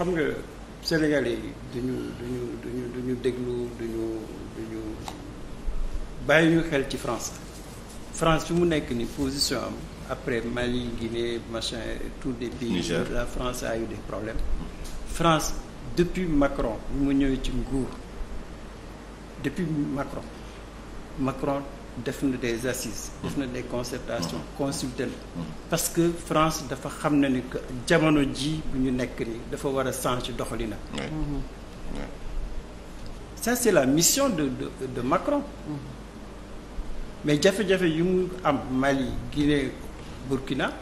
xam nga Sénégalais yi ñu duñu duñu duñu déglu duñu duñu bàyyi ñu xel ci France France fi mu nekk ni position am après Mali Guinée machin tout des pays Niger. la France a eu des problèmes France depuis Macron bi mu ñëwee ci nguur depuis Macron Macron def na des assises def na des concertations mm-hmm. consulté mm-hmm. parce que France dafa xam na ni que jamono ji bu ñu nekk nii dafa war a changer doxalinam mm-hmm. ça c'est la mission de de de Macron mais jafe-jafe yu mu am Mali Guinée Burkina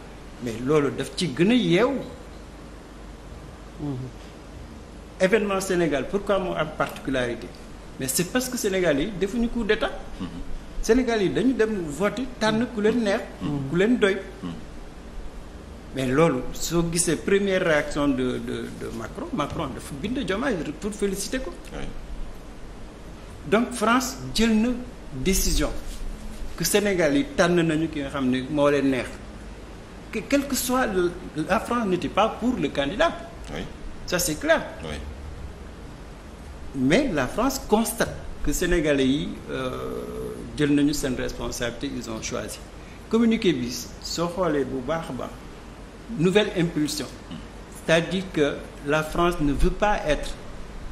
mais loolu def ci gën a yeewu événement Sénégal pourquoi mu am particularité mais c'est parce que Sénégal yi defuñu coup d'état Sénégal yi dañu dem vote tànn ku leen neex. ku leen doy. mais loolu soo gisee première réaction de de de Macron Macron dafa bind Diomaye pour féliciter ko. donc France jël na décision que Sénégal yi tànn nañu ki nga xam ne moo leen neex que quel que soit la France n'était pas pour le candidat. oui c'est clair. mais la France constate que Sénégalais yi. Euh, jël nañu seen responsabilité ils ont choisi communiqué bi soo xoolee bu baax a baax nouvelle impulsion c'est-à-dire que la France ne veut pas être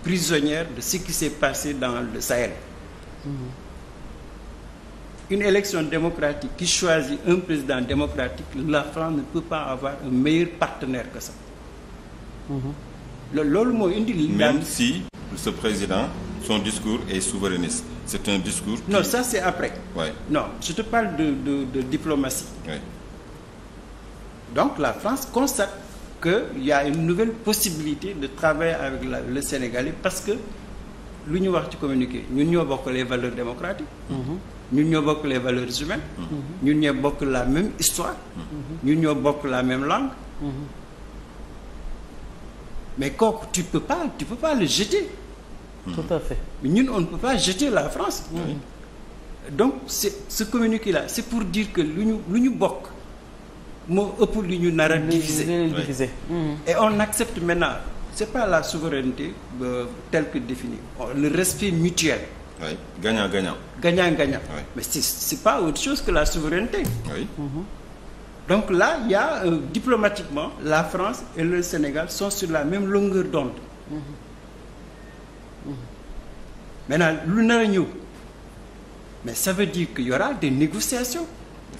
prisonnière de ce qui s'est passé dans le Sahel mmh. une élection démocratique qui choisit un président démocratique la France ne peut pas avoir un meilleur partenaire que ça mm-hmm. loolu moo indi même si ce président son discours est souverainiste c'est un discours. Qui... non ça c'est après. Ouais. non je te parle de de de diplomatie. donc la France constate qu'il y a une nouvelle possibilité de travailler avec le Sénégalais parce que lu ñu wax ci communiqué ñun ñoo bokk les valeurs démocratiques. Mhm. ñun ñoo bokk les valeurs humaines. Mhm. ñun ñoo bokk la même histoire. Mhm. ñun ñoo bokk la même langue. mais kooku tu peux pas tu peux pas le jeter. Mm-hmm. tout on peut pas jeter la France mm-hmm. donc c'est ce communiqué là c'est pour dire que lu ñu lu ñu bokk moo ëpp lu ñu nar a diviser et on accepte maintenant c'est pas la souveraineté euh, telle que définie oh, le respect mutuel oui gagnant gagnant gagnant gagnant oui. mais c'est c'est pas autre chose que la souveraineté mm-hmm. donc là il euh, diplomatiquement la France et le Sénégal sont sur la même longueur d'onde mm maintenant lu nar a ñëw mais ça veut dire qu'il y des négociations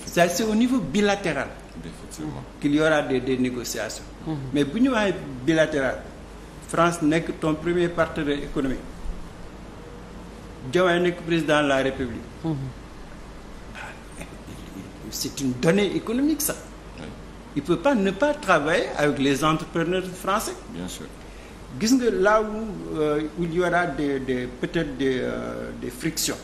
ça c'est au niveau bilatéral qu'il y des, négociations mhm. mais bu ñu waxee bilatéral France nekk ton premier partenaire économique Diomaye nekk président la République mm -hmm. c'est une donnée économique ça il peut pas ne pas travailler avec les entrepreneurs français gis nga là où euh, il y aura des des peut euh, des frictions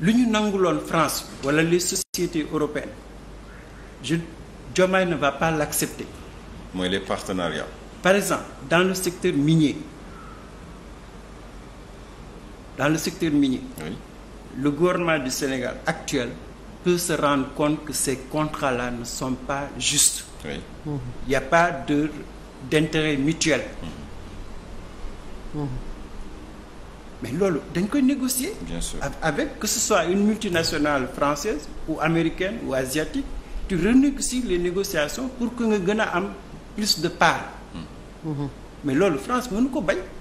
lu ñu nanguloon France wala les sociétés européennes je Diomaye ne va pas l'accepter. mooy les partenariats. par exemple dans le secteur minier dans le secteur minier. gouvernement du Sénégal actuel peut se rendre compte que ces contrats-là ne sont pas justes. il y a pas de d'intérêt mutuel. Mmh. mais loolu dañ koy négocier. avec que ce soit une multinationale française ou américaine ou asiatique tu renégocies les négociations pour que nga gën a am plus de part. Mmh. Mmh. mais loolu France mënu ko bañ.